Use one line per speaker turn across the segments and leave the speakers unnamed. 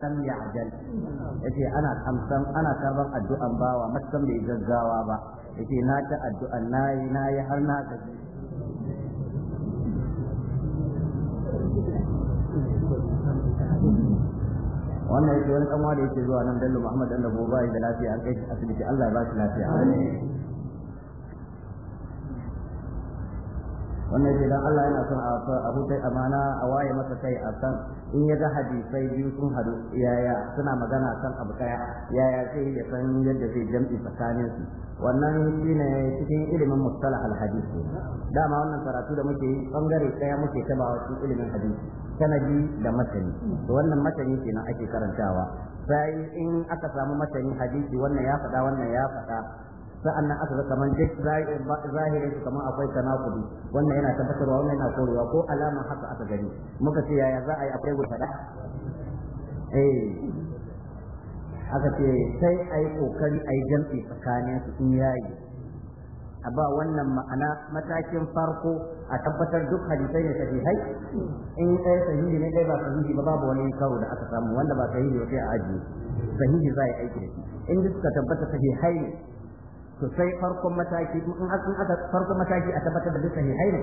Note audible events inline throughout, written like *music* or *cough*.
ya ajal yace ana kamsan ana karban addu'an bawa matan bai gaggawa ba yace na ta addu'an nayi nayi har na ga wannan yake wani dan da yake zuwa nan dallo Muhammad dan da bai da lafiya an kai asibiti Allah ya ba shi lafiya wannan ce dan Allah yana son a hutai amana a waye masa kai a san in ya ga hadisai biyu sun hadu yaya suna magana kan abu daya yaya sai ya san yadda zai jam'i tsakanin su wannan shine cikin ilimin mustalah al dama wannan karatu da muke yi bangare daya muke taba wasu ilimin hadisi sanadi da matani to wannan matani kenan ake karantawa sai in aka samu matani hadisi wannan ya faɗa wannan ya faɗa sa'annan aka ga kamar duk zahirin su kamar akwai tanakudi wannan yana tabbatarwa wannan yana korewa ko alama haka aka gani muka ce yaya za a yi akwai gutada eh aka ce sai a yi kokari a yi jam'i tsakanin su in yayi a ba wannan ma'ana matakin farko a tabbatar duk hadisai ne sahihai in ɗaya sahihi ne ɗaya ba sahihi ba babu wani karo da aka samu wanda ba sahihi ba sai a ajiye sahihi za a yi aiki da shi in duk suka tabbata sahihai ne to sai farkon mataki in aka farkon mataki a tabbatar da duka sahihai ne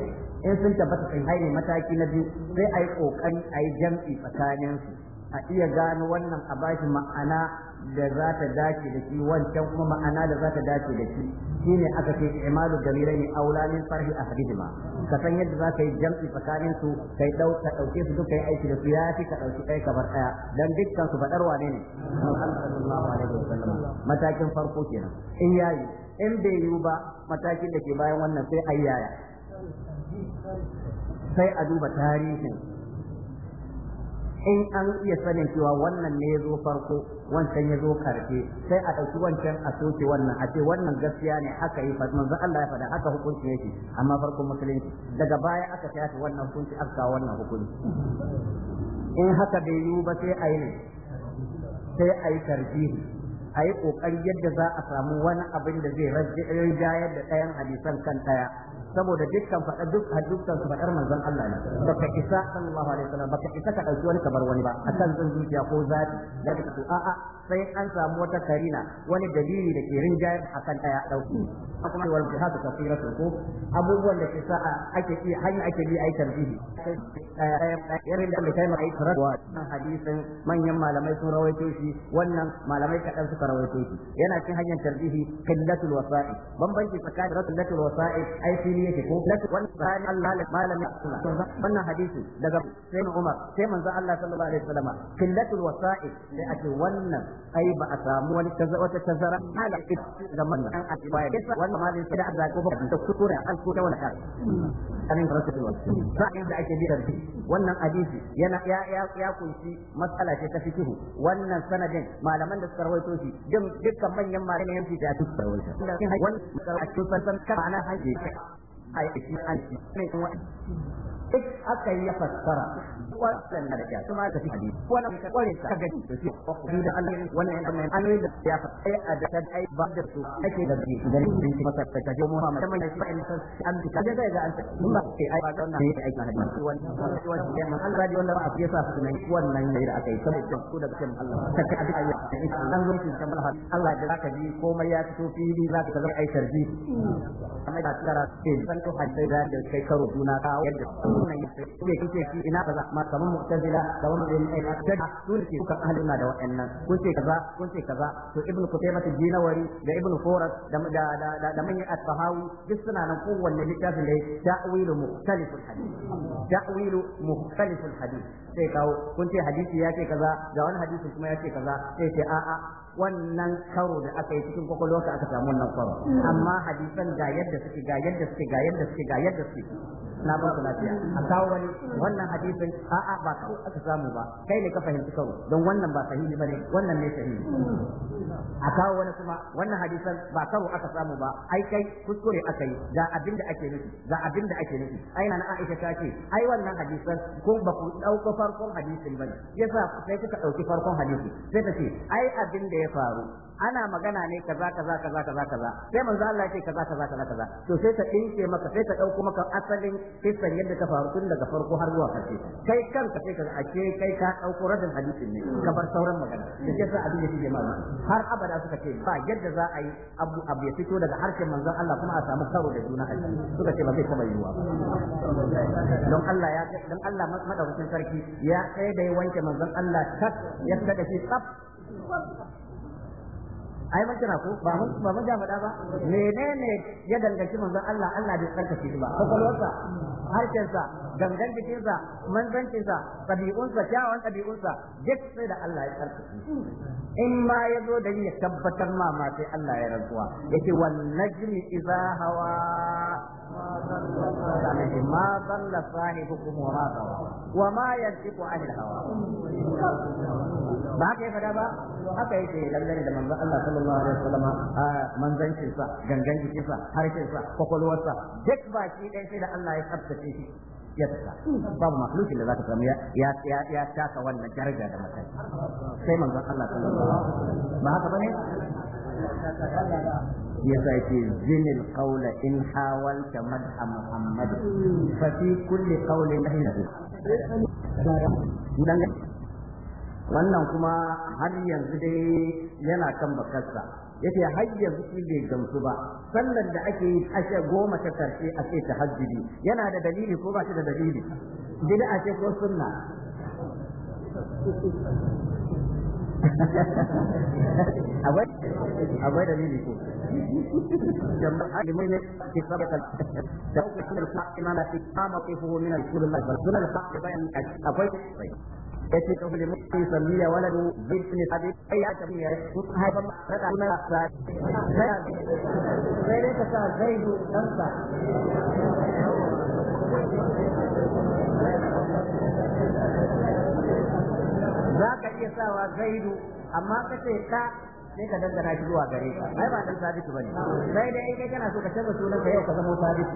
in sun tabbata sahihai ne mataki na biyu sai a kokari a yi jam'i tsakanin su a iya gano wannan a bashi ma'ana da za ta dace da shi wancan kuma ma'ana da za ta dace da shi shine aka ce imalu damira ne aula min farhi ahadihima ka san yadda za ka yi jam'i tsakanin su kai dau ka dauke su duka yi aiki da su ya fi ka dauki ɗaya kabar bar ɗaya dan dukkan su fadar wane ne matakin farko kenan in yayi in bai yiwu ba matakin da ke bayan wannan sai ayyaya sai a duba tarihin in an iya sanin cewa wannan ne ya zo farko wancan ya zo karfe sai a ɗauki wancan a soke wannan a ce wannan gaskiya ne aka yi fadi za Allah ya faɗa haka hukunci yake amma farkon musulunci daga baya aka shafe wannan hukunci aka kawo wannan hukunci in haka bai yiwu ba sai a yi ne sai a yi tarjihi a yi ƙoƙari yadda za a samu wani abin da zai rinjayar da ɗayan hadisan kan ɗaya saboda dukkan faɗa duk hadisan su faɗar manzon Allah ne baka isa sallallahu alaihi wasallam baka isa ka ɗauki wani kamar wani ba akan zan zuciya ko zafi da ka a'a sai an samu wata karina wani dalili da ke rinjayar akan ɗaya ɗauki kuma wal jihad kafiratun ko abubuwan da ke sa ake ci hanya ake bi ai tarbihi irin da kai mai tarawa hadisin manyan malamai sun rawaito shi wannan malamai kaɗan suka rawaito shi yana cin hanyar tarbihi kallatul wasa'i bambanci tsakanin wasa'i ai fili yake ko Allah malami wannan hadisi daga sai Umar sai manzo Allah sallallahu alaihi wasallam kallatul wasa'i sai a wannan ai ba a samu wani wata tazara da an wannan sai da Allah ko kura an ko wannan sai da ake bi tarbi wannan hadisi yana ya ya kunshi matsala ce ta fikihu wannan sanadin malaman da suka rawaito shi dukkan manyan malamai yan fita duk sarauta wani a cikin sansan kana haje a yi an ne kuma aka yi ya fassara kwara sanna da kyau kuma ka fi kware ka ga da shi ko da Allah wannan da ya fa a da ta ai ba da su ake da shi da ni da masa ta ga mu Muhammad san an ga an ke ai ba wannan ai wannan wannan da da wannan a su nan wannan ne da aka yi saboda ku daga kan Allah ka ka da ayyuka dan gurbin Allah da zaka ji komai ya fito fili zaka zama ai tarbi amma da tsara sai eh, san ko hadisi da kai karo duna ka yadda sunan kike ina ba za ma kamar mu'tazila kamar mu'tazila su ne ke kukan ahlina da wa'annan. kun ce kaza kun ce kaza to ibn kutaymah jinawari da ibn furat da da da da manyan asbahawi duk suna nan kowanne littafin da ya ta'wilu mukhtaliful hadith ta'wilu mukhtaliful hadith sai kawo kun ce hadisi ya ce kaza da wani hadisi kuma ya ce kaza sai ce a'a wannan karo da aka yi cikin kwakwalwarka aka samu wannan karo amma hadisan ga yadda suke ga yadda suke ga yadda suke ga yadda suke na lafiya a kawo wani wannan hadisin a'a ba kawo aka samu ba kai ne ka fahimci kawo don wannan ba sahihi bane wannan ne sahihi a kawo wani kuma wannan hadisan ba kawo aka samu ba ai kai kuskure aka yi ga abin da ake nufi ga abin da ake nufi ai na Aisha ta ce ai wannan hadisan ko ba ku dauko farkon hadisin bane yasa sai kuka dauki farkon hadisi sai ta ce ai abin da ya faru ana magana ne kaza kaza kaza kaza kaza sai manzo Allah ya ce kaza kaza kaza kaza to sai ta dinke maka sai ta dauko maka asalin kisan yadda ta faru tun daga farko har zuwa karshe kai kanka sai ka ashe kai ka dauko radin hadisin ne ka bar sauran magana da yasa abin da yake mama har abada suka ce ba yadda za a yi abu abu ya fito daga harshen manzon Allah kuma a samu karo da juna suka ce ba zai taba yiwuwa don Allah ya don Allah madaukakin sarki ya tsaye da wanke manzon Allah tak ya tsada shi tsaf ai mun kira ko ba mun ba mun ja faɗa ba menene ya danganci manzon Allah Allah bai tsarkake shi ba kokolwarsa harshensa gangan jikinsa manzancinsa ɗabi'unsa kyawun ɗabi'unsa duk sai da Allah ya tsarkake in ma ya zo da ya tabbatar ma ma sai Allah ya rantsuwa yake wal najmi idza hawa ما ضل صاحبكم وما غوى وما ينطق عن hawa? ba haka ya fada ba to haka yake dangane da manzon Allah sallallahu alaihi wasallam a manzancin sa gangan sa harshen sa kokolwar sa duk baki dai sai da Allah ya tsaftace shi ya tsaka babu makhlukin da zaka samu ya ya ya taka wannan daraja da makai sai manzon Allah sallallahu alaihi wasallam ba haka bane yasa yake zinil qawla in hawalta muhammad fa fi kulli qawlin wannan kuma har yanzu dai yana kan bakarsa yace har yanzu shi bai gamsu ba sallar da ake yi ashe goma ta karshe a ce tahajjudi yana da dalili ko ba shi da dalili gida a ce ko sunna akwai akwai dalili ko jama'a a limai ne ke sabata da kuma sunar kuma imana fi kama kai fuhu min al bayan akwai yace ka bude mutum sammiya waladu bin ibn abi ai ya tabi ya kun haifar da sunan sa sai
dai ka sa zaidu dan sa za ka iya sawa
zaidu amma ka ce ka sai ka dangana shi zuwa gare ka ai ba dan sabitu bane sai dai kai kana so ka canza sunan ka yau ka zama sabitu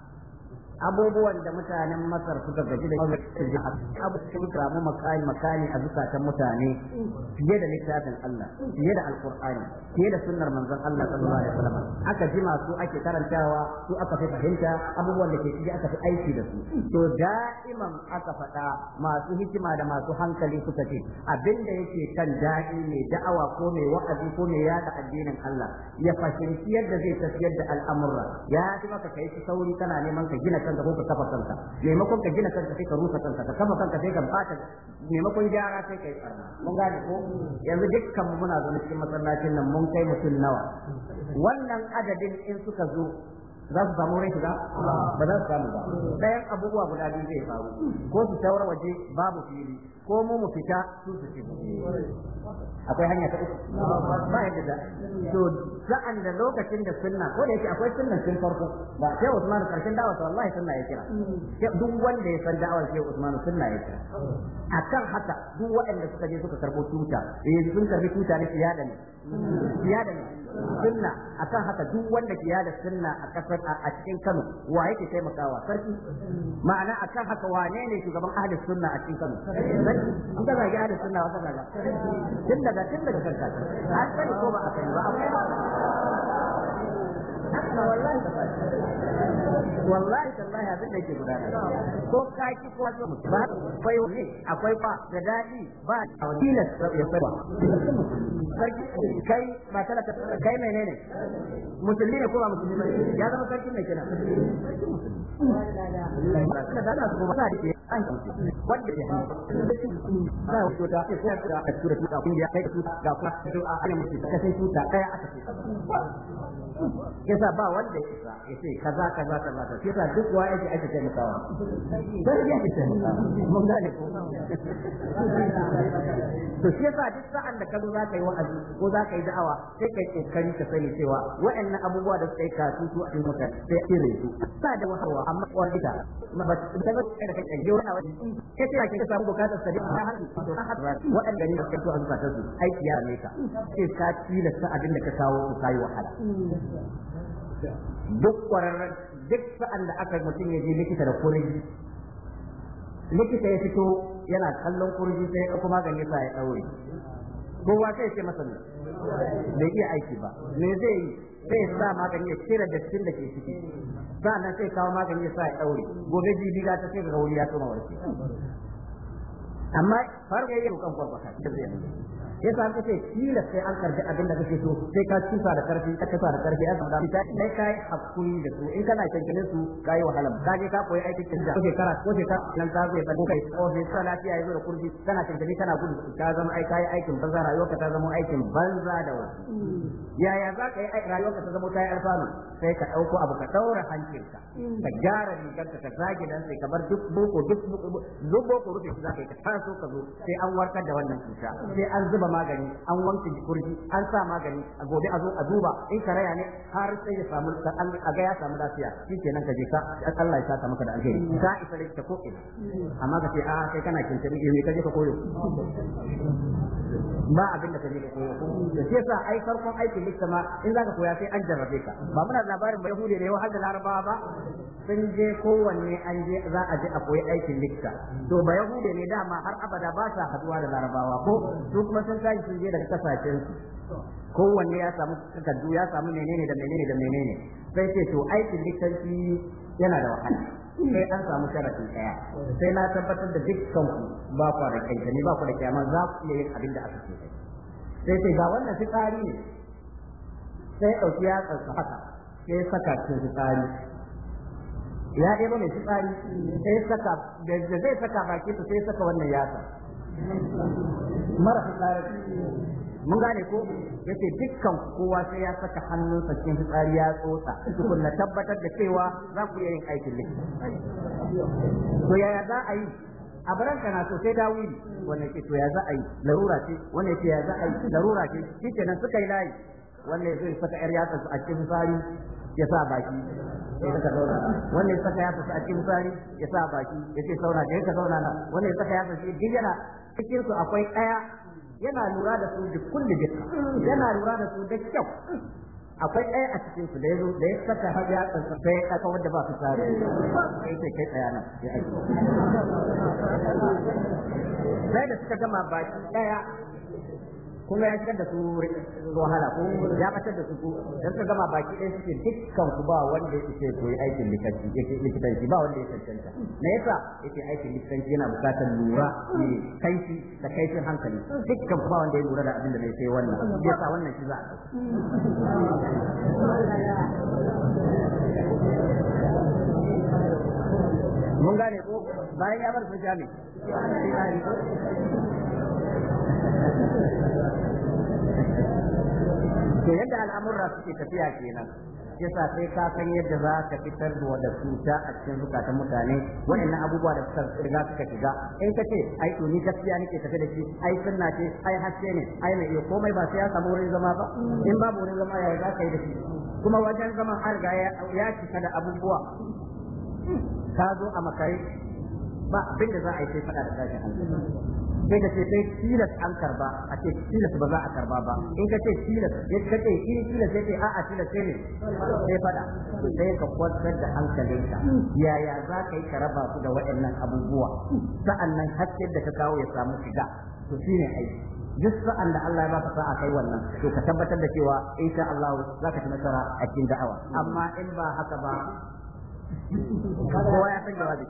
abubuwan da mutanen masar suka gaji da abubuwan samu makani makani a zukatan mutane fiye da littafin Allah fiye da alkur'ani fiye da sunnar manzon Allah sallallahu alaihi wasallam aka ji masu ake karantawa su aka fi fahimta abubuwan da ke ciki aka fi aiki da su to da'iman aka faɗa masu hikima da masu hankali suka ce abinda yake kan da'i mai da'awa ko mai wa'azi ko mai yada addinin Allah ya fahimci yadda zai tafiyar da al'amurra ya ka maka kai sauri kana neman ka gina kanka ko ka kafa kanka maimakon ka gina kanka sai ka rusa kanka ka kafa kanka sai ka bata maimakon gyara sai ka yi barna mun gane ko yanzu dukkan mu muna zaune cikin masallacin nan mun kai mutum nawa wannan adadin in suka zo za su samu rai shiga ba za su samu ba ɗayan abubuwa guda biyu zai faru ko su taura waje babu fili ko mu mu fita su su shigo akwai hanya ta uku ba yadda da to sa'an da lokacin da sunna ko da yake akwai sunnan sun farko ba sai Usman karshen da'awa to wallahi sunna ya kira duk wanda ya san da'awar sai Usman sunna ya kira akan haka duk waɗanda suka je suka karbo tuta eh sun karbi tuta ne siyada ne fiya ne sunna akan haka duk wanda ke yada sunna a kasar a cikin Kano wa yake taimakawa sarki ma'ana akan haka wane ne shugaban ahli sunna a cikin
Kano in a
wallahi tallahi abin da yake gudana ko ka ki ko wasu ba akwai wani akwai fa da dadi ba a wakilan ya fara sarki kai ba kala ka kai menene musulmi ne ko ba musulmi ba ya zama sarki mai kina. da da an wanda ya da a ka aka ce yasa ya isa ya ce kaza kaza kaza duk wa yake ake taimakawa taimakawa mun shi yasa duk sa'an da ka zo za ka yi wa'azi ko za ka yi da'awa sai kai kokari ka sani cewa wa'annan abubuwa da suka yi kasu su a cikin da wahawa amma ba ta ga kai yana wani ke sai ake samu bukatar sa da har to har waɗanda ne suka tuwa zuwa su aiki ya ne ka sai ka sa abin da ka kawo su kai wahala duk kwararren duk sa'an da aka mutum ya je likita da kurji likita ya fito yana kallon kurji sai ya kuma magani sa ya daure kowa sai ya ce masa ne bai iya aiki ba me zai yi sai ya sa magani ya cire dattin da ke ciki na sai kawo magani ya sa ya ɗaure gobe jibi ga ta sai ga wuri ya tsoma warke amma farko yayi kan kwarkwata zai yasa an kace kila sai an karbi abin da kake so sai ka tsufa da karfi ka tsufa da karfi ya zama da sai kai hakuri da su in kana kankane su kai wahala ka je ka koyi aikin kinja ko shekara ko shekara nan ka zo ba kai ko sai sala ya yi da kurji kana kankane kana gudu ka zama ai kai aikin banza rayuwarka ta zama aikin banza da wasu yaya za ka yi rayuwarka ta zama ta yi alfanu sai ka dauko abu ka daura hancinka ka gyara rigarka ka zage dan sai ka bar duk boko duk boko rufe za ka yi ka taso ka zo sai an warkar da wannan cuta sai an zuba magani an wanke kurji an sa magani a gobe a zo a duba in karaya ne har sai ya samu a ga ya samu lafiya nan ka je ka Allah ya saka maka da alheri ka isa da ko ina amma ka ce a kai kana kintabi me eh, ka je ka koyo ba abin da ka je ka koyo da shi yasa ai farkon aikin likita ma in zaka koya sai an jarrabe ka ba muna labarin ba yahudi da yau har da larabawa ba sun je kowanne an je za a je a koyi aikin likita to ba yahudi ne dama har abada ba sa haduwa da larabawa ko su kuma sun tashi sun je daga kasashen kowanne ya samu takardu ya samu menene da menene da menene sai ce to aikin likitanci yana da wahala sai an samu sharafin daya sai na tabbatar da dukkan ku ba ku da kai ne ba ku da kyamar za ku iya yin abin da aka ce sai sai ga wannan fitsari ne sai ɗauki ya tsarsu haka sai saka cikin fitsari ya ɗaya ba mai fitsari sai saka da zai saka baki sai saka wannan yatsa mara fitsari mun gane ko yake dukkan kowa sai ya saka hannunsa cikin fitsari ya tsotsa tukunna tabbatar da cewa za ku iya yin aikin ne. to yaya za a yi a baranka na so sai dawili wannan ke to ya za a yi larura ce wannan ke ya za a yi larura ce nan suka yi layi wannan zai saka yar yatsa a cikin fitsari ya sa baki ya saka ya saka yatsa a cikin fitsari ya sa baki ya ce zauna da ya ka zauna na wannan ya saka yatsa shi duk yana cikin su akwai ɗaya. yana lura da su duk kulli dukka yana lura da su da kyau akwai ɗaya a cikin su da ya da ya saka har ya tsantsa sai ya kaka wanda ba su tare sai ce kai tsaya nan ya aiki sai da suka gama baki ɗaya kuma ya shigar da su wahala ko ya batar da su ko dan ka gama baki ɗaya suke dukkan ku ba wanda ya ce koyi aikin likitanci yake likitanci ba wanda ya cancanta me yasa yake aikin likitanci yana bukatar lura ne eh, kaifi da kaifin hankali dukkan ku ba wanda ya lura da abin da bai sai wannan yasa wannan shi za
a mun gane ko bayan ya bar su you.
to yadda al'amurra suke tafiya kenan yasa sai ka san yadda za ka fitar da wadda cuta a cikin zukatan mutane wa'annan abubuwa da suka riga suka shiga in ka ce ai to ni gaskiya nake tafi da shi ai sunna ce ai haske ne ai mai iya komai ba sai ya samu wurin zama ba in babu wurin zama ya za ka yi da shi kuma wajen zaman har ga ya cika da abubuwa ka zo a makare ba abin za a yi sai faɗa da tashin hankali sai ka ce kai tilas an karba a ce tilas ba za a karba ba in ka ce tilas ya ka ce in tilas sai ce a a tilas sai ne sai fada sai ka kwantar da hankalinka yaya za ka yi ka raba su da waɗannan abubuwa sa'annan hakkin da ka kawo ya samu shiga to shine aiki duk sa'an da Allah ya baka sa'a kai wannan to ka tabbatar da cewa insha Allah za ka ci nasara a cikin da'awa amma in ba haka ba
kowa ya san jawabi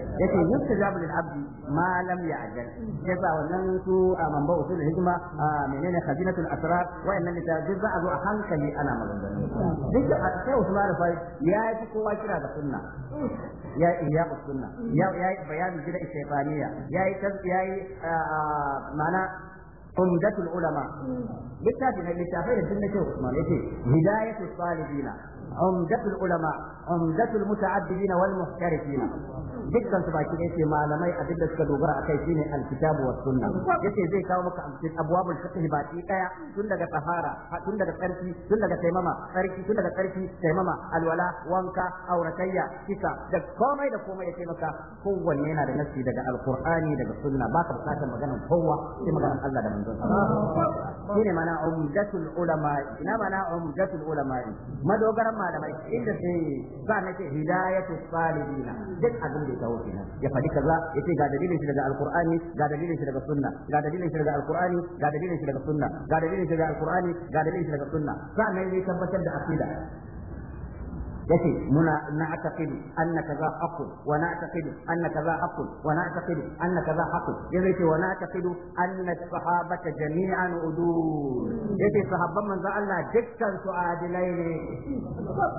yace yustajabu
lil abdi ma lam ya'jal yasa wannan su a mamba usul hikma menene khazinatul asrar wa'annan da za a zo hankali ana maganganu duk a sai Usman Rafai ya yi kowa kira ga sunna ya iya sunna ya yi bayanin gida istifaniya ya yi ya yi mana عمدة العلماء بالتالي للتعفير السنة عثمان يقول هداية الطالبين عمدة العلماء عمدة المتعبدين والمحترفين dukkan su baki ne ce malamai a duk da suka dogara akai shine alkitabu was sunna yace zai kawo maka abwabul fiqh baki daya tun daga tahara tun daga tsarki tun daga taimama tsarki tun daga tsarki taimama alwala wanka auratayya kisa da komai da komai yace maka kowanne yana da nasi daga alqur'ani daga sunna baka bukatar maganar kowa sai maganar Allah da manzon sa shine mana umdatul ulama ina mana umdatul ulama madogaran malamai inda sai ba nake hidayatul salihina duk abin da ya kawo kenan ya faɗi kaza ya ce ga dalilin shi daga alqur'ani ga dalilin shi daga sunna ga dalilin shi daga alqur'ani ga dalilin shi daga sunna ga dalilin shi daga alqur'ani ga dalilin shi daga sunna nan ya tabbatar da aqida yace muna na na'taqidu anna za haqqun wa na na'taqidu anna za haqqun wa na na'taqidu anna kaza haqqun yace ce wa na na'taqidu anna sahabata jami'an udul yace sahabban manzo Allah dukkan su adilai ne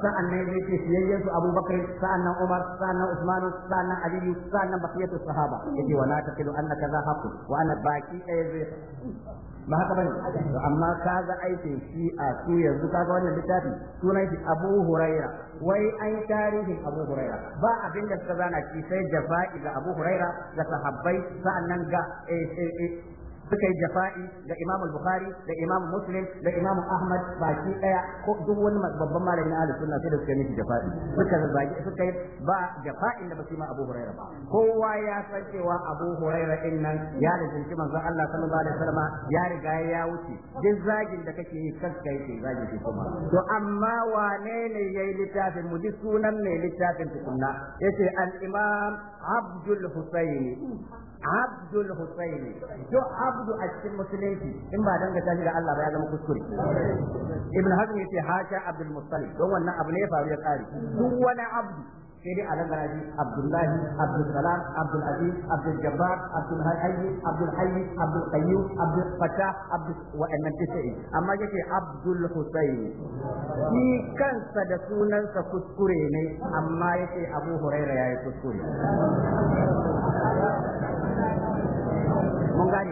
sa'an nan yace siyayyen su Abubakar sa'an nan Umar sa'an nan Usman sa'an nan Ali sa'an nan baqiyatu sahaba yace wa na na'taqidu anna za haqqun wa anna baki ɗaya ba haka bane to amma kaga aikin shi a su yanzu kaga wannan littafi sunan shi Abu Huraira wai ai tarihin Abu Huraira ba abin da suka zana shi sai jafa'i ga Abu Huraira ga sahabbai sa'annan ga eh, eh, eh, suka yi jafa'i da Imam Bukhari da Imam Muslim da Imam Ahmad baki daya ko duk wani babban malami na Ahlus Sunna sai da suka yi jafa'i suka zagi suka yi ba jafa'in da basu ma Abu Huraira ba kowa ya san cewa Abu Huraira din nan ya rijinci manzon Allah sallallahu alaihi wasallam ya riga ya wuce duk zagin da kake yi kanka yake zagin ke kuma to amma wane ne yayi littafin mu duk sunan ne littafin tukunna yace al-Imam Abdul Husaini abdul husaini to abdu a cikin musulunci in ba dangata shi da Allah ba ya zama kuskure ibn hazm yace hasha abdul muttalib don wannan abu ne ya faru ya kare duk wani abdu sai dai a dangana shi abdullahi abdul salam abdul aziz abdul jabbar abdul hayy abdul hayy abdul qayyum abdul fatah abdul wa'annan tisai amma yace abdul husaini shi kansa da sunansa kuskure ne amma yace abu huraira yayi kuskure mun gane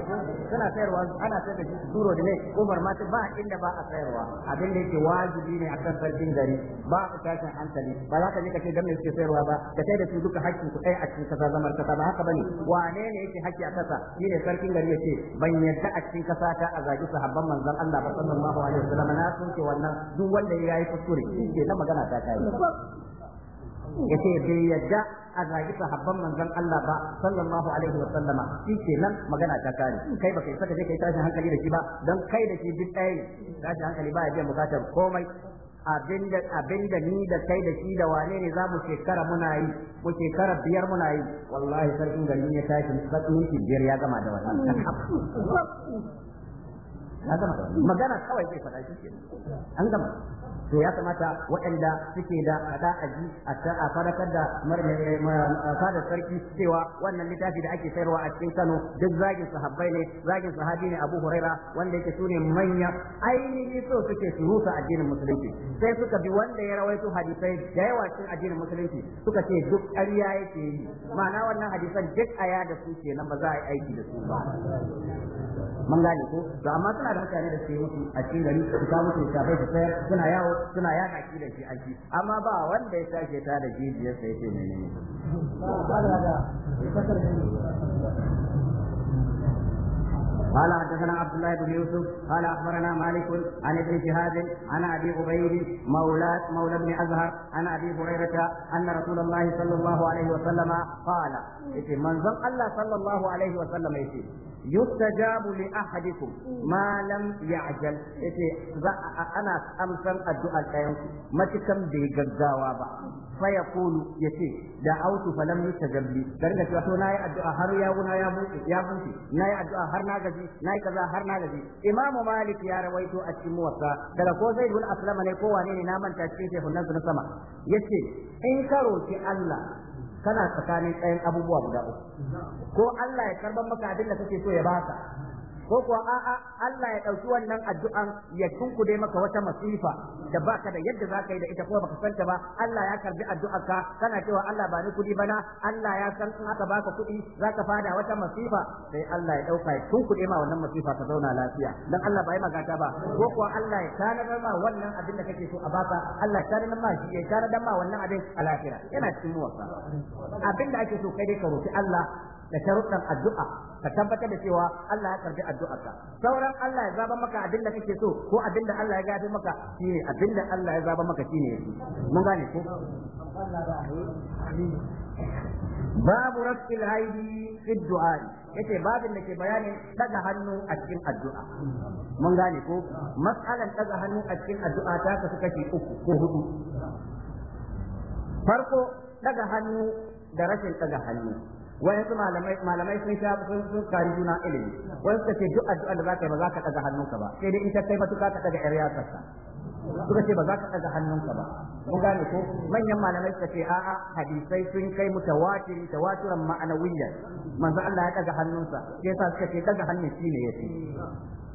suna sayarwa ana sayar da duro da ne ko marmati ba inda ba a sayarwa abin da yake wajibi ne akan sarkin gari ba a tashin hankali ba za ka je ka ce dan suke sayarwa ba ka sai da su duka hakkin ku ɗaya a cikin kasa zamar kasa ba haka bane wane ne yake hakki a kasa shine sarkin gari yake ban yadda a cikin kasa ta a zagi sahabban manzon Allah ba sallallahu alaihi wasallam na sun ce wannan duk wanda ya yi kuskure shi ke na magana ta kai yace bai yadda a zagi sahabban manzon Allah ba sallallahu alaihi wa sallama shi ke nan magana ta kare kai ba kai ka kai tashin hankali da shi ba dan kai da shi duk ɗaya tashin hankali ba ya mu bukatar komai abinda abinda ni da kai da shi da wane ne za mu shekara muna yi mu shekara biyar muna yi wallahi sarkin garin ya tashi shi biyar ya gama da wannan *laughs* ya gama magana kawai zai faɗa shi ke an gama to ya kamata waɗanda suke da hada aji a farakar da eh, eh, fadar sarki cewa wannan littafi da ake sayarwa a cikin Kano duk zagin sahabbai ne zagin sahabi ne Abu Huraira wanda yake sune manya ainihi so suke su rusa addinin musulunci sai suka bi wanda ya rawaito hadisai da yawa cikin addinin musulunci suka ce duk ƙarya yake yi ma'ana wannan hadisan duk aya da su kenan ba za a yi aiki da su ba mun gane ko to amma suna da mutane da suke musu a cikin gari su samu musu tafai su tsaya suna yawo suna yaka ki da shi aiki amma ba wanda ya sake ta da jijiyar sa yake menene قال حدثنا عبد الله بن يوسف قال اخبرنا مالك عن ابن شهاب عن ابي عبيد مولى مولى بن ازهر عن ابي هريره ان رسول الله صلى الله عليه وسلم قال من زم الله صلى الله عليه وسلم يقول يستجاب لأحدكم ما لم يعجل يتي أنا أمسن الدعاء ما تكم بي جداوا kulu ya yace da autu fa falam yutajabli dan da to nayi addu'a har ya wuna ya buke ya buke nayi addu'a har na gaji nayi kaza har na gaji imamu malik ya rawaito a cikin wasa daga ko zaid bin aslama ne ko wane ne na manta cikin shehun nan sama yace in karo ki Allah kana tsakanin ɗayan abubuwa guda uku ko Allah ya karban maka abin da kake so ya baka ko kuwa a'a Allah ya ɗauki wannan addu'an ya tunkude maka wata masifa da baka da yadda za ka yi da ita ko baka santa ba Allah ya karbi addu'arka kana cewa Allah ba ni kuɗi bana Allah ya san in aka baka kuɗi za ka fada wata masifa sai Allah ya ɗauka ya tunkude ma wannan masifa ka zauna lafiya dan Allah ba ya magata ba ko kuwa Allah ya tanadar ma wannan abin da kake so a baka Allah ya tanadar ma shi ya tanadar ma wannan abin a lafiya yana cikin wasa abin da ake so kai dai ka roki Allah da sharuɗan addu'a ka tabbatar da cewa Allah ya karbi ka sauran Allah ya zaba maka abin da kake so ko abin da Allah ya gafi maka ne abin da Allah ya zaba maka shi ne. mun gane ko babu rafi haidi fi du'a yace babin da ke bayani daga hannu a cikin addu'a mun gane ko matsalan daga hannu a cikin addu'a ta kasu kashi uku ko hudu farko daga hannu da rashin daga hannu wayansu malamai malamai sun sha sun sun kari juna ilimi wasu suka ce duk addu'a da zaka yi ba za ka ɗaga hannunka ba sai dai in ta kai matuƙa ka ɗaga ƴar yatsarka suka ce ba za ka ɗaga hannunka ba mun gane ko manyan malamai suka ce a'a hadisai sun kai mutawatir tawaturan ma'anawiyyan manzo Allah ya ɗaga hannunsa sai yasa suka ce ɗaga hannun shine yafi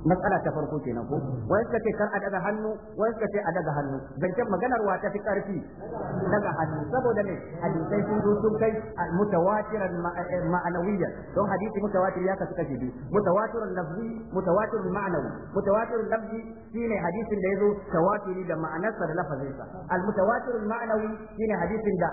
matsala ta farko kenan ko wai suka ce kar a daga hannu wai suka ce a daga hannu zancen maganar wa ta fi karfi daga hannu saboda ne hadisai sun zo sun kai mutawatiran eh, ma'anawiyya don hadisi mutawatir ya kasu kashi biyu mutawatirun lafzi mutawatirun ma'anawi mutawatirun lafzi shine hadisin da zo tawatiri da ma'anarsa da lafazinsa al mutawatirul ma'anawi shine hadisin da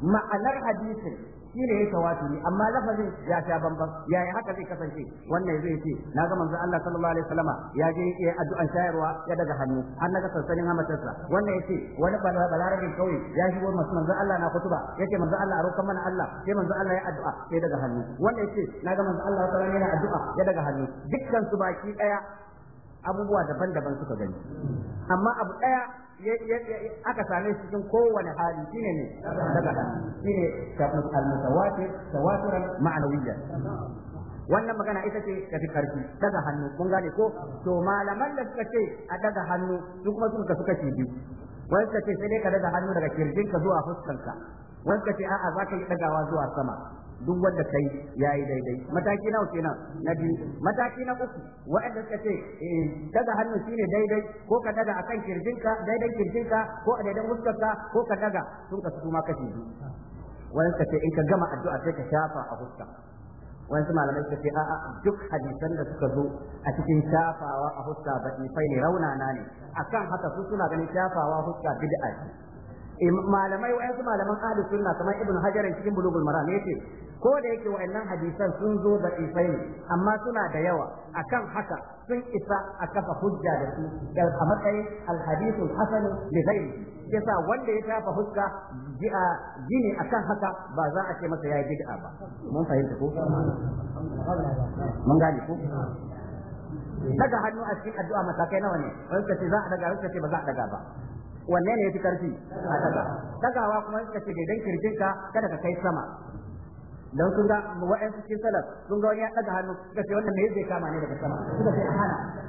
ma'anar hadisin shi ne yake ne, amma lafazin ya sha bambam. yaya haka zai kasance wannan zai ce na ga manzo Allah sallallahu alaihi wasallama ya je ya addu'an shayarwa ya daga hannu har naga sansanin hamatarsa wannan yake wani bala balarabin kauye ya shigo masu manzo Allah na kutuba yake manzo Allah a rokan mana Allah sai manzo Allah ya addu'a sai daga hannu wannan yake na ga manzo Allah sallallahu alaihi wasallama yana addu'a ya daga hannu dukkan su baki daya abubuwa daban-daban suka gani amma abu daya aka same shi cikin kowane hali shine ne daga shine al-mutawatir tawaturan ma'nawiyyan wannan magana ita ce fi karfi daga hannu kun gane ko to malaman da suka ce a daga hannu su kuma suka suka ce biyu wani suka ce sai dai ka daga hannu daga kirjinka zuwa fuskanka wani suka ce a'a za ka yi dagawa zuwa sama duk wanda kai yayi daidai mataki nawa kenan na biyu mataki na uku wa'anda suka ce eh, daga hannu shine daidai ko ka daga akan kirjinka daidai kirjinka ko a daidan wuskarka ko ka daga sun ka su ma kashi biyu wani suka ce in ka gama addu'a sai ka shafa a fuska wani su malamai suka ce a'a duk hadisan da suka zo a cikin shafawa a fuska ba ifai ne raunana ne akan haka su suna ganin shafawa fuska bid'a ce malamai wa'ansu malaman ahlus sunna kamar ibn hajar cikin bulugul maram yace ko da yake wa'annan hadisan sun zo da isai amma suna da yawa akan haka sun isa a kafa hujja da su eh, a matsayin alhadisul hasan li ghairi yasa wanda ya tafa hujja gini akan haka ba za a ce masa yayi bid'a ba mun fahimta ko mun gane ko daga hannu a cikin addu'a matakai nawa ne wanda ce za a daga wanda ce ba za a daga ba wanne ne yafi karfi a daga dagawa kuma suka ce daidan kirjinka kada ka kai sama don sun ga wa'ansu cikin salaf sun ga wani ya ɗaga hannu suka ce wannan ne zai kama ne daga sama suka ce hana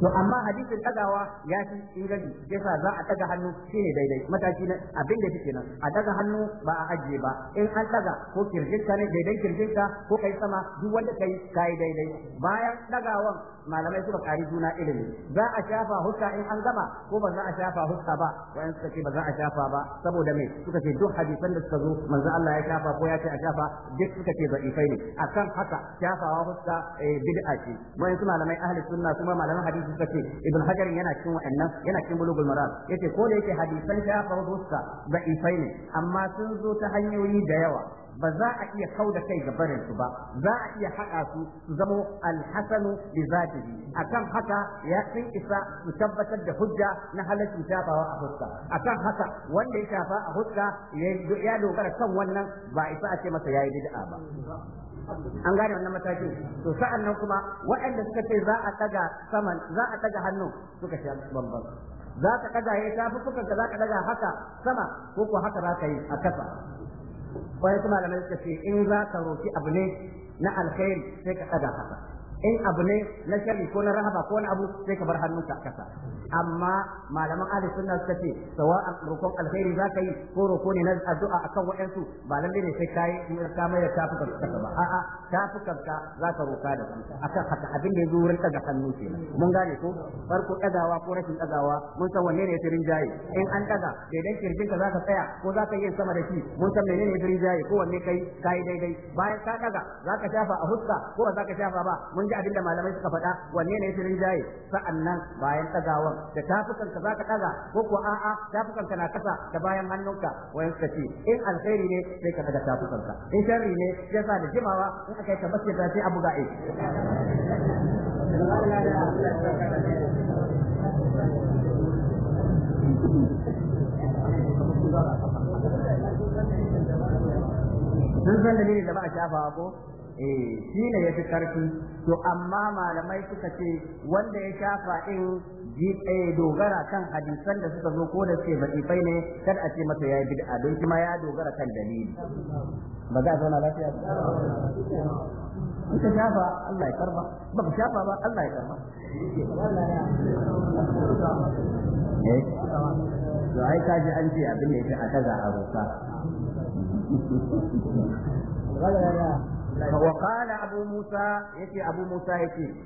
to amma hadisin dagawa ya fi inganci yasa za a daga hannu shine daidai mataki na abin da take nan a daga hannu ba a ajiye ba in an daga ko kirjinka ne daidai kirjinka ko kai sama duk wanda kai kai daidai bayan dagawan malamai suka kari juna ilimi za a shafa huska in an gama ko ba za a shafa hukka ba wayan suka ce ba za a shafa ba saboda me suka ce duk hadisan da suka zo manzo Allah ya shafa ko ya ce a shafa duk suka ce da'ifai ne akan haka shafawa hukka eh, bid'a ce wayan malamai ahli sunna kuma malaman hadisi malamai ibn hajar yana cikin wa'annan yana cikin bulugul maram yace ko da yake hadisan shafar huska da ifai ne amma sun zo ta hanyoyi da yawa ba za a iya kau da kai barin su ba za a iya haɗa su su zamo alhasanu li zatihi akan haka ya sun isa su tabbatar da hujja na halaccin shafawa a fuska akan haka wanda ya shafa a huska ya dogara kan wannan ba isa a ce masa yayi bid'a ba an gane wannan matakin to sa'an nan kuma waɗanda suka ce za a taga saman za a taga hannu suka sha bambam za ka taga ya tafi kuka ka za ka taga haka sama ko ko haka za ka yi a kasa wani kuma malamai suka ce in za ka roki abu ne na alkhairi sai ka taga haka in abu ne na shari ko na rahaba ko na abu sai ka bar hannunka a kasa amma malaman ahli sunna suka ce sawa rukun alkhairi za ka yi ko roko ne na addu'a akan wa'ansu ba lalle ne sai kai ka mai da tafukan ka ba a'a tafukan ka za ka roka da kanka akan haka abin da yazo wurin daga hannu kenan mun gane ko farko dagawa ko rashin dagawa mun san wanne ne tirin jaye in an daga daidai kirjin ka za ka tsaya ko za ka yi sama da shi mun san menene ne tirin jaye ko wanne kai kai daidai bayan ka daga za ka shafa a huska ko za ka shafa ba mun ji da malamai suka faɗa wanne ne shirin jaye nan bayan ɗagawan da tafukan ka zaka ɗaga ko ko a'a tafukan ka na kasa da bayan hannunka wayan suka ce in alkhairi ne sai ka ɗaga tafukan ka in sharri ne sai sa da jimawa in aka yi tabbaci da sai abu ga'i
sun san ne da ba a shafa ko
eh shi ne ya fi karfi to amma malamai suka ce wanda ya shafa in eh, dogara kan hadisan da suka zo ko da ce baƙifai ne kada a ce masa ya yi bid'a don kuma ya dogara kan dalili ba za a zauna lafiya ba ka shafa Allah ya karba ba ka shafa ba Allah ya karba eh to ai kaji an ce abin da ya fi a kaza a rusa وقال أبو موسى يتي أبو موسى يتي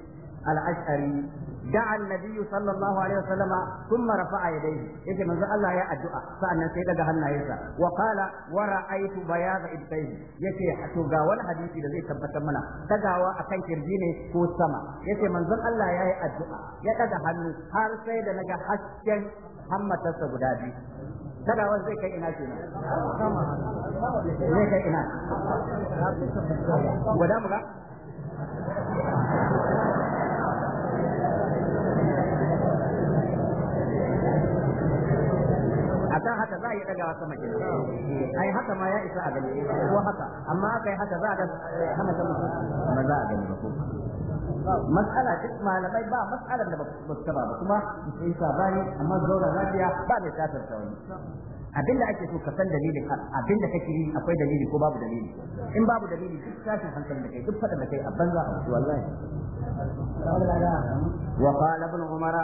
الأشعري دعا النبي صلى الله عليه وسلم ثم رفع يديه يتي من الله يا الدعاء فأنا سيدة جهنم يسا وقال ورأيت بياض إبتيه يتي تغا والحديث الذي ثبت منا تغاوى أكن كرجيني كو سما يتي من الله يا الدعاء يتغى هنو هار سيدة نجا حشا همتسا قدادي gadawan zai kai ina kenan zai kai ina
gwada mu ga akan haka za a yi
ɗagawa sama ke ai haka ma ya isa a gani ko haka amma aka yi haka za a ga sama sama ba za a gani ba ko Matsala duk malamai ba matsala da ba su ba kuma su yi sabani amma zaura lafiya ba da shafar wani abinda ake so ka san dalilin abinda kake yi akwai dalili ko babu dalili in babu dalili duk tashin hankali da kai duk fada da kai a banza a wallahi qala ibn umara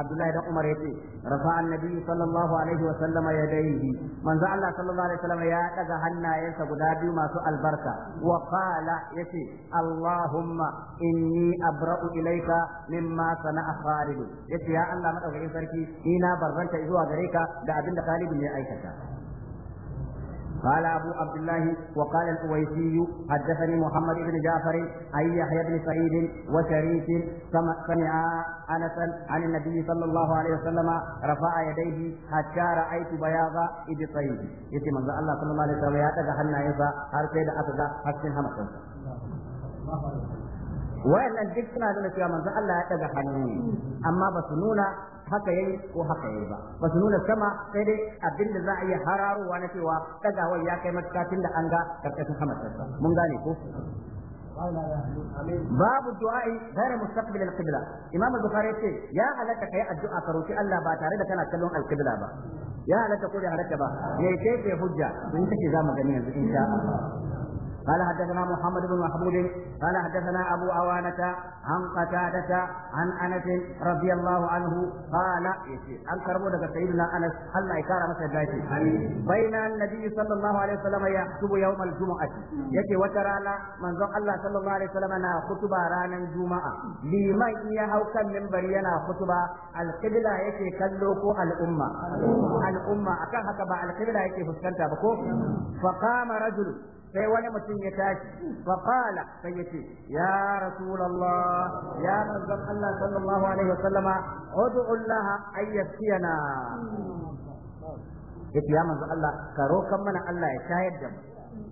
abdullahi dan umar yace rafa annabi sallallahu alaihi wa sallama yadayhi manzo Allah sallallahu alaihi wa sallama ya ɗaga hannayensa guda biyu masu albarka wa qala yace allahumma inni abra'u ilaika mimma sana'a khalid yace ya Allah madaukakin sarki ni ina barranta zuwa gare ka da abinda khalid ya aikata قال أبو عبد الله وقال الأويسي حدثني محمد بن جعفر أي يحيى بن سعيد وشريك سمع أنسا عن النبي صلى الله عليه وسلم رفع يديه حتى رأيت بياض إبطيه يتي من الله صلى الله عليه وسلم يأتك حنا يسا هرسيد أتك حسن همسا wayannan duk suna nuna cewa manzo Allah ya daga hannu ne amma ba su nuna haka yayi ko haka yayi ba ba su nuna sama sai dai abin da za a iya hararowa na cewa dagawar ya kai matakin da an ga karkashin hamatarsa mun gane ko babu du'a'i ghaira mustaqbil al-qibla imam al-bukhari yace ya halaka kai addu'a ka roki Allah ba tare da kana kallon al-qibla ba ya halaka ko da halaka ba me yake hujja in take za mu gani yanzu insha Allah قال حدثنا محمد بن محمود قال حدثنا أبو عوانة عن قتادة عن أنس رضي الله عنه قال عن كربونة سيدنا أنس هل إكار مسجاتي بين النبي صلى الله عليه وسلم يخطب يوم الجمعة يكي وترانا من ذو الله صلى الله عليه وسلم أنا خطبة رانا الجمعة لمن يهو كم من برينا خطبة القبلة يكي كلوكو الأمة الأمة أكاها كبا القبلة يكي فسكنتا بكو فقام رجل sai wani mutum ya tashi fa qala sai yace ya rasulullah ya manzon Allah sallallahu alaihi wasallama ud'u Allah ay yace ya manzon Allah ka rokan mana Allah ya shayar da mu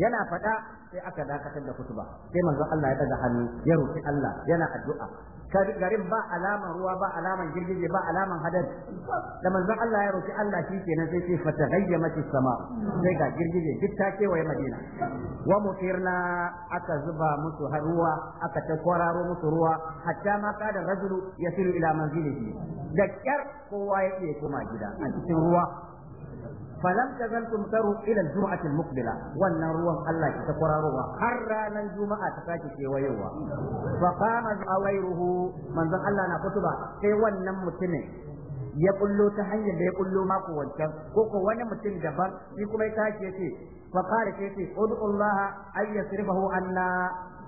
yana faɗa sai aka dakatar da kutuba sai manzon Allah ya daga hannu ya roki Allah yana addu'a garin ba alaman ruwa ba alaman girgije ba alaman hadar da manzon Allah ya roki Allah shi kenan sai ce fata gayyamati sama sai ga girgije duk ta kewaye Madina wa mutirna aka zuba musu ruwa aka ta kwararo musu ruwa hatta ma kada rajulu yasiru ila manzilihi da kyar kowa ya iya koma gida a cikin ruwa falam tazal tumtaru ila al-jum'ati al-muqbila wannan ruwan Allah ki ta kwararowa har ranar juma'a ta sake kewayowa fa qama zawairuhu manzon Allah na kutuba sai wannan mutumin ya kullo ta hanyar da ya kullo mako wancan ko ko wani mutum daban shi kuma ya tashi yace fa qala yace ud'u Allah ay yasrifahu anna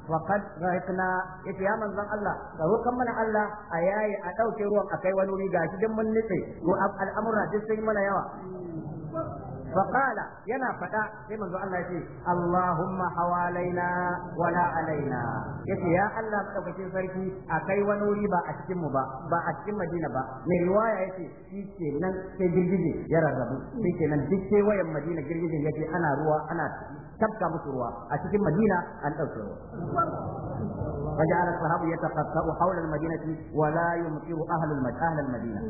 وقد غرقنا yace ya manzon Allah ka rokan mana Allah a yayi a dauke ruwan a kai wani gashi dan mun nitse ko al'amura duk sai mana yawa فقال yana faɗa sai manzo Allah yace Allahumma hawalaina
wala alaina yace ya
Allah madaukakin sarki akai wani wuri ba a cikin mu ba ba a cikin Madina ba mai riwaya yace shi ke nan sai girgije ya rarrabu sai ke nan duk sai wayan Madina ya yace ana ruwa ana tabka musu ruwa a cikin Madina an dauke ruwa فجعل الصحابة يتقطع حول المدينة ولا يمطر أهل المدينة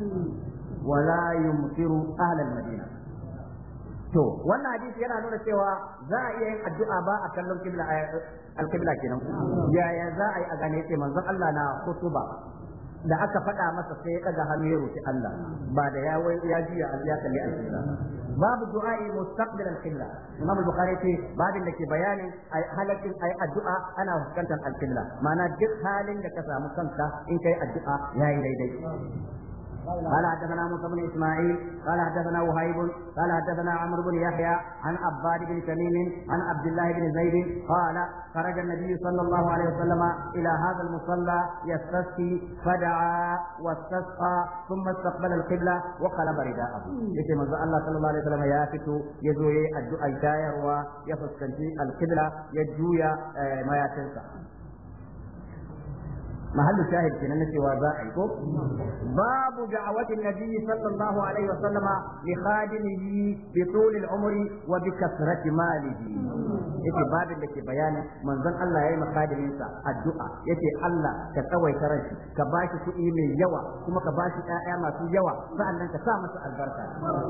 ولا يمطر أهل المدينة to wannan hadisi yana nuna cewa za a iya yin addu'a ba a kallon kibla eh, alkibla kenan yaya za a yi a gane ce manzon Allah na kutuba da aka faɗa masa sai ya ɗaga hannu ya roki Allah ba da ya wai ya juya ya kalli alkibla babu du'a'i mustaqbil alqibla imam al-bukhari ce babin da ke bayanin ai halakin addu'a ana fuskantar alqibla ma'ana duk halin da ka samu kanka in kai addu'a yayi daidai قال حدثنا موسى بن اسماعيل قال حدثنا وهيب قال حدثنا عمرو بن يحيى عن عباد بن تميم عن عبد الله بن زيد قال خرج النبي صلى الله عليه وسلم الى هذا المصلى يستسقي فدعا واستسقى ثم استقبل القبله وقلب رداءه. يجي من الله صلى الله عليه وسلم يا فتو يزوي الدعاء يا فسكنتي القبله يجويا ما يتنسى محل شاهد كنا نسي وزائكم باب دعوة النبي صلى الله عليه وسلم لخادمه بطول العمر وبكثرة ماله yake babin da ke bayani manzon Allah ya yi makadirinsa addu'a yake Allah ka tsawaita ranshi ka bashi kuɗi mai yawa kuma ka bashi ƴaƴa masu yawa sa'annan ka sa masa albarka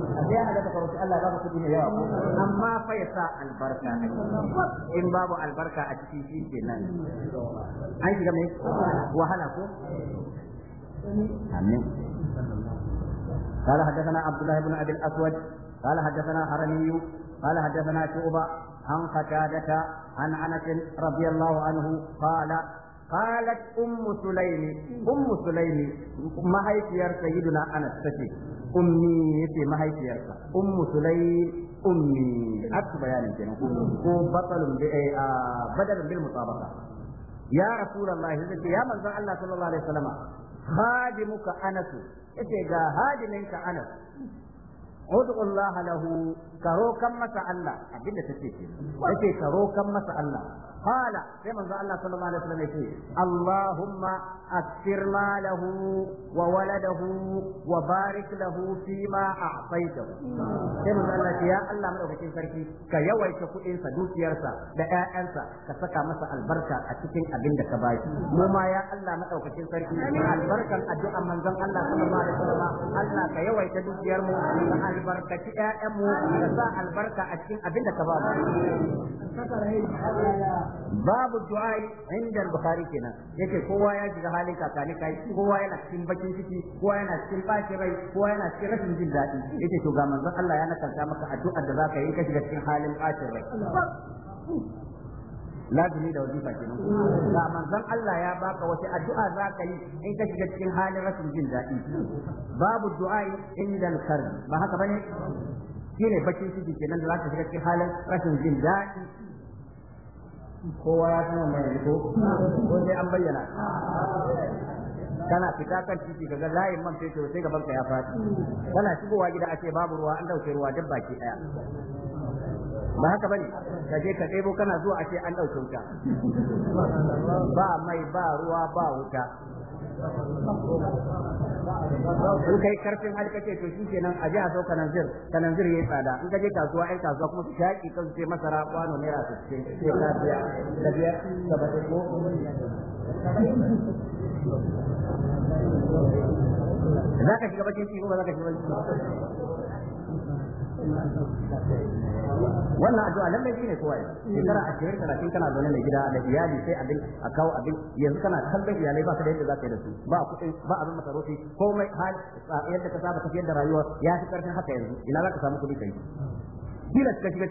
sai ya daga farko Allah ya baka kuɗi mai yawa amma fa ya sa albarka in babu albarka a cikin shi kenan an shiga mai wahala ko amin قال حدثنا عبد الله بن ابي الاسود قال حدثنا حرمي قال حدثنا شعبه عن قتاده عن انس رضي الله عنه قال قالت أم سليم أم سليم ما هي سيدنا أنس تشي أمي يتي ما هي أم سليم أمي أكتب يعني كنا بطل بدل بالمطابقة ya rasulullahi zai ya manzon Allah sallallahu alaihi wasallama khadimuka anas yace ga hadiminka anas ud'ullaha lahu karo kan masa Allah abinda take ce karo kan masa Allah qala sai manzo Allah sallallahu alaihi wasallam yake Allahumma wa waladahu wa barik lahu sai manzo Allah ya Allah madaukakin sarki ka yawaita kuɗin sa dukiyarsa da ƴaƴansa ka saka masa albarka a cikin abin ka bashi mu ma ya Allah madaukakin sarki albarkan addu'an manzon Allah sallallahu alaihi wasallam Allah ka yawaita dukiyar mu albarkaci mu ka sa albarka a cikin abin da ka ba babu du'ai inda bukhari kenan yake kowa ya shiga halin kakani kai kowa yana cikin bakin ciki kowa yana cikin bacin rai kowa yana cikin rashin jin daɗi yake to ga manzon Allah ya nakanta maka addu'ar da zaka yi ka shiga cikin halin bacin rai lazumi da wazifa kenan ga manzon Allah ya baka wata addu'a za ka yi in ka shiga cikin halin rashin jin daɗi babu du'a inda al ba haka bane ne bakin ciki kenan da za ka shiga cikin halin rashin jin daɗi kowa ya san wannan ko ko sai an bayyana kana fita kan titi ga layin man fetur sai gaban ka ya faɗi kana shigowa gida a ce babu ruwa an dauke ruwa dabba ke
daya ba haka bane ka
je ka ɗebo kana zuwa a ce an ɗauke wuta ba mai ba ruwa ba wuta in kai karfin hali kace to shi kenan a je a sau kananzir ya yayi tsada in ka je kasuwa ai kasuwa kuma su shaki kan su ce masara kwano naira 60 sai ka biya da biya da ba ko za ka shiga bakin ciki ko ba za ka shiga bakin ciki wannan addu'a lalle ne kowa ya shekara 20 talatin kana zaune mai gida da iyali sai abin a kawo abin yanzu kana kallon iyalai ba ka da yadda za ka yi da su ba kuɗi ba abin masarufi komai hal yadda ka saba tafiyar da rayuwa ya fi karfin haka yanzu ina za ka samu kuɗi kai kila ka shiga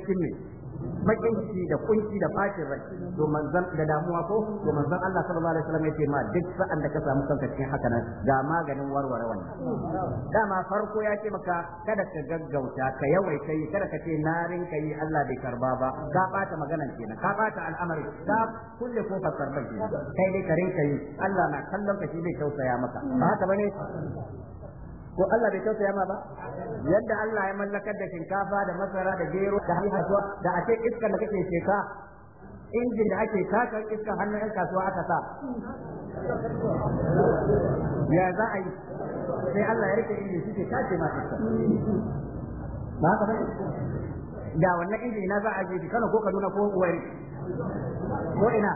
bakin da kunci da fatin rai to manzon da damuwa ko to manzon Allah sallallahu alaihi wasallam yace ma duk sa'an da ka samu kanka cikin haka nan ga maganin warware wannan dama farko ya ce maka kada ka gaggauta ka yawai yi kada ka ce na rinka yi Allah bai karba ba ka bata maganan kenan ka bata al'amari ka kulle kofar karban kai dai ka rinka yi Allah na kallon ka shi bai tausaya maka ba haka bane ko Allah bai tausaya ma ba yadda Allah ya mallakar da shinkafa da masara da gero da haihuwa da a ce iskar da kake sheka injin da ake takan iskar hannun yan kasuwa aka sa ya za a yi sai Allah ya rike injin suke tace ma iskar ba haka ba da wannan injin na za a je Kano ko Kaduna ko Uwari ko ina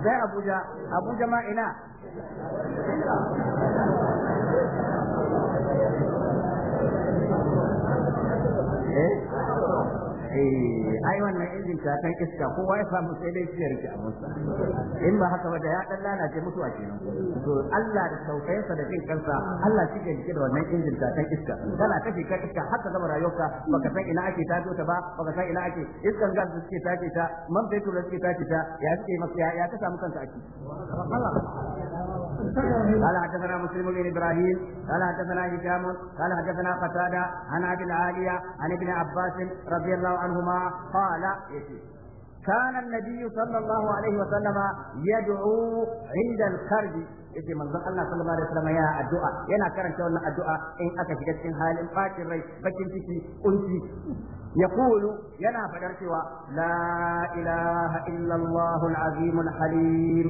sai Abuja Abuja ma ina
Eh? eh ai wannan injin ta iska kowa ya samu sai dai siyar ki in ba haka ba da ya dan lalace mutu a kenan to Allah da tausayinsa da jin kansa Allah shi ke da wannan injin ta iska kana kashe ka iska har ka gama rayuwarka baka san ina ake tato ta ba baka san ina ake iskan gas da suke tace ta man fetur da suke tace ta ya suke masu ya ka samu kanka a ciki قال حدثنا مسلم بن ابراهيم قال حدثنا هشام قال حدثنا قتادة عن ابي العالية عن ابن عباس رضي الله عنهما قال كان النبي صلى الله عليه وسلم يدعو عند الخرج yace manzon Allah sallallahu alaihi wasallam ya addu'a yana karanta wannan addu'a in aka shiga cikin halin bacin rai bakin ciki kunci يقول ينا فدرتوا لا إله إلا الله العظيم الحليم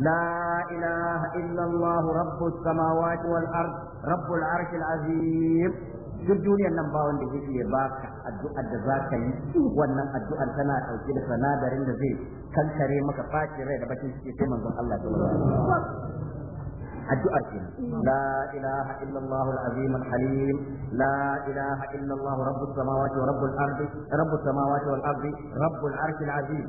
لا إله إلا الله رب السماوات والأرض رب العرش العظيم duk duniyar nan ba wanda ya baka addu'ar da za ka yi wannan addu'ar tana ɗauke da sanadarin da zai kankare maka facin rai da baki ciki sai Allah ta addu'ar kenan la ilaha illallah al-azim al-halim la ilaha illallah rabbus samawati wa rabbul ardi rabbus samawati wal ardi rabbul arshi al-azim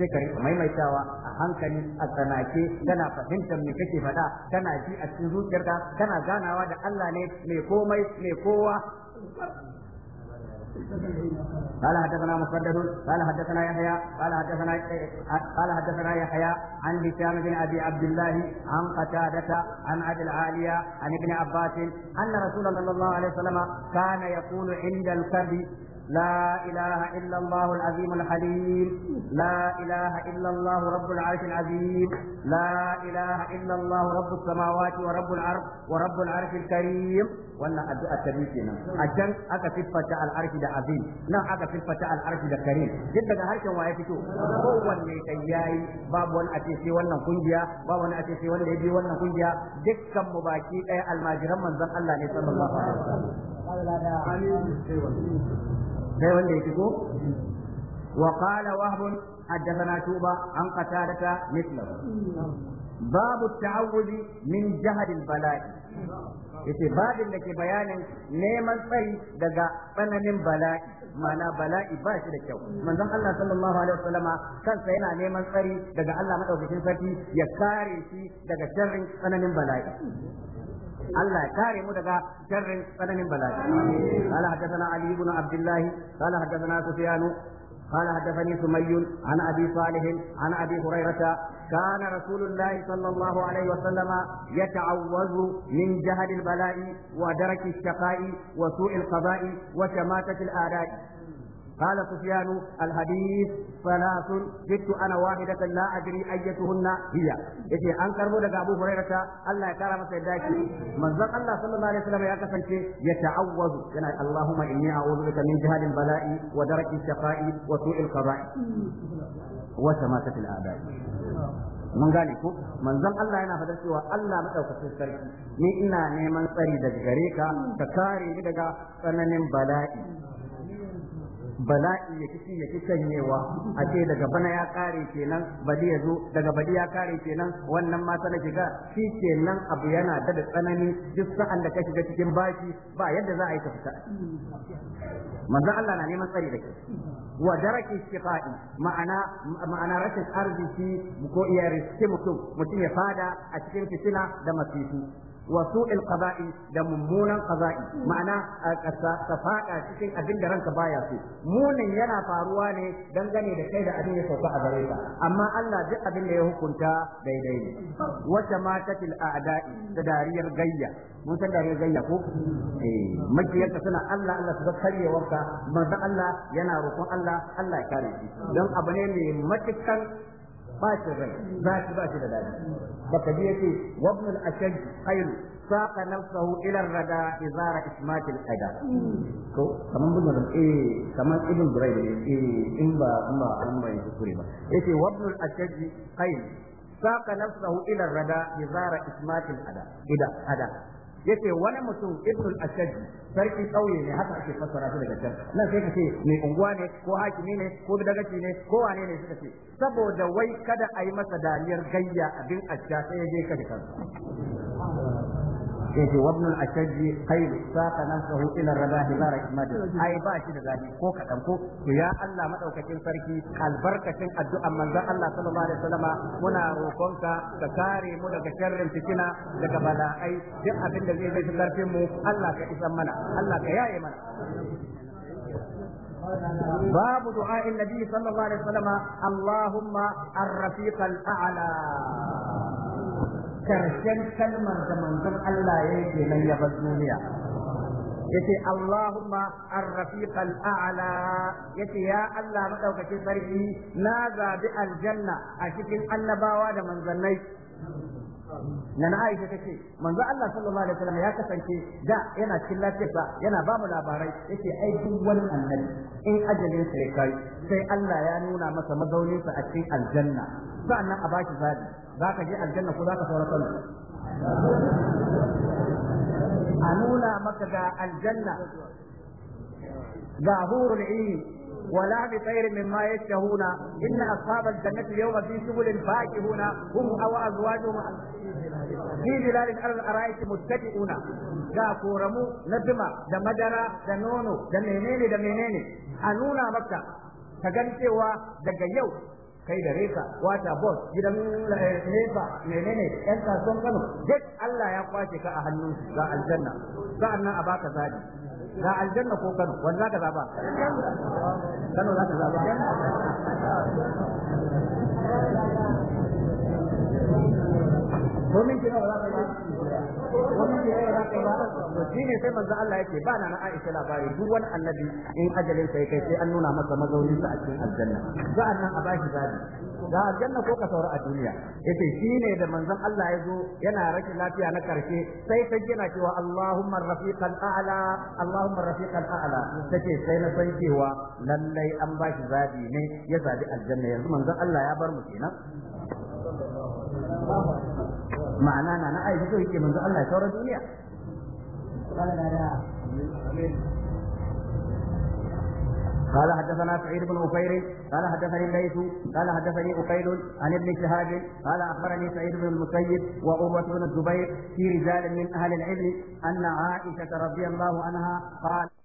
sai ka rika maimaitawa a hankali a tsanake kana fahimtar me kake faɗa kana ji a cikin zuciyarka kana ganawa da Allah ne mai komai mai kowa قال حدثنا مسدد قال حدثنا يحيى قال حدثنا قال حدثنا يحيى عن هشام بن ابي عبد الله عن قتادة عن ابي العالية عن ابن عباس ان رسول الله صلى الله عليه وسلم كان يقول عند الكرب لا إله إلا الله العظيم الحليم لا إله إلا الله رب العرش العظيم لا إله إلا الله رب السماوات ورب العرش ورب العرش الكريم ولا أدعى تريكنا أجن أكا صفة العرش دا عظيم لا أكا صفة العرش دا كريم جدا دا هرشا وايفتو هو اللي تياي باب وان أتيسي وانا كنجيا باب وان أتيسي وانا يجي وانا كنجيا دكا مباكي الماجرم من ذن الله صلى الله عليه وسلم زي wa qala wahb وهب tuba an عن mithla Babu ta'awudi min jahad al balai yace babin da ke bayanin neman tsari daga tsananin bala'i mana bala'i ba shi da kyau manzon Allah sallallahu alaihi wasallama kansa yana neman tsari daga Allah madaukakin sarki ya kare shi daga sharrin tsananin bala'i Allah ya kare mu daga sharrin tsananin bala'i qala hadathana ali ibn abdullah qala hadathana sufyan قال حدثني سمي عن ابي صالح عن ابي هريره كان رسول الله صلى الله عليه وسلم يتعوذ من جهل البلاء ودرك الشقاء وسوء القضاء وشماتة الآلاء قال سفيان الحديث ثلاث جئت انا واحدة لا ادري ايتهن هي yace an karbo daga Abu Hurairah Allah ya kara masa yadda shi manzon Allah sallallahu alaihi wasallam ya kasance ya ta'awwazu yana Allahumma inni a'udhu bika min jihadi bala'i wa daraki shaqa'i wa mun gane ko manzon Allah yana fadar cewa Allah madaukakin sarki ni ina neman tsari daga gare ka ka kare ni daga tsananin bala'i bala'i ya kici ya sanyewa a ce daga bana ya kare kenan bali ya zo daga bali ya kare kenan wannan mata na shiga shi kenan abu yana da tsanani duk sa'an da ka shiga cikin bashi ba yadda za a yi ka fita manzo Allah na neman tsari da ke wa daraki istiqai ma'ana ma'ana rashin arziki ko iya riske mutum mutum ya fada a cikin fitina da masifu Wasu su'il da mummunan kaza'i ma'ana ka faɗa cikin abin da ranka baya so munin yana faruwa ne dangane da kai da abin ya sauka a gare ka amma Allah duk abin da ya hukunta daidai ne wata matatil a'da'i da dariyar gayya mun san dariyar gayya ko eh suna Allah Allah su ga karyewarka manzo Allah yana roƙon Allah Allah ya kare shi don abu ne mai matukan Ba bacin rai shi ba shi da dadi baka ji yace wabnul ashaj khairu saqa nafsahu ila ar-rada izara ismatil ada ko kaman bin da eh kaman ibn burayd ne eh in ba amma an mai kure ba yace wabnul ashaj khairu saqa nafsahu ila ar-rada izara ismatil ada ida ada yace wani mutum ibnul ashaj sarki kauye ne haka ake fassara shi daga can nan sai kace mai unguwa ne ko hakimi ne ko dagaci ne ko wane ne suka ce saboda wai kada a yi masa daliyar gayya abin ashja sai ya je kashe kansa yace wabn al-ashaj khayr saqa nafsuhu ila ar-rabah bar ihmad ai ba shi da zabi ko kaɗan ko to ya Allah madaukakin sarki albarkacin addu'an manzon Allah sallallahu alaihi wasallama muna roƙonka ka kare mu daga sharrin fitina daga bala'ai
duk abin da zai zai karfin mu Allah ka isan mana Allah ka yaye mana
باب دعاء النبي صلى الله عليه وسلم اللهم الرفيق الأعلى karshen kalmar da manzon Allah ya yi kenan ya bar duniya yace Allahumma ar-rafiq al-a'la yace ya Allah madaukakin sarki na zabi aljanna a cikin annabawa da manzannai na Aisha tace manzo Allah sallallahu alaihi wasallam ya kasance da yana cikin lafiyarsa yana ba mu labarai yace ai duk wani annabi in ajalin sa kai sai Allah ya nuna masa mazaunin sa a cikin aljanna sannan a baki zabi zaka je aljanna ko zaka saura kanka a nuna maka ga aljanna ga hurul ولا بطير مما يشتهون إن أصحاب الجنة اليوم في سبل فاكهون هم أو أزواجهم fi zilalin alal araiki muttaqiuna ga koramu na dima da madara da nono da menene da menene a nuna maka ka gan cewa daga yau kai da reka wata bos gidan nefa eh, menene yan kasuwan kano duk Allah ya kwace ka a hannun ga aljanna nan a baka zabi ga aljanna ko kano wanda zaka
zaba kano zaka zaba domin kira ba za ka ba
domin kira ba za ka ba to shine sai manzo Allah yake ba na Aisha labari duk wani annabi in ajalin sai kai sai an nuna masa mazaunin sa a cikin aljanna za'an nan a bashi zabi ga aljanna ko ka saura a duniya yace shine da manzon Allah ya zo yana rashin lafiya na karshe sai ta gina cewa Allahumma rafiqal a'la Allahumma rafiqal a'la take sai na san cewa lallai an bashi zabi ne ya zabi aljanna yanzu manzon Allah ya bar mu kenan ma'ana na na aisha yake manzo Allah ya sauran duniya قال حدثنا سعيد بن عفير قال حدثني الليث قال حدثني عقيل عن ابن شهاب قال اخبرني سعيد بن المسيب وعروه بن الزبير في رجال من اهل العلم ان عائشه رضي الله عنها قال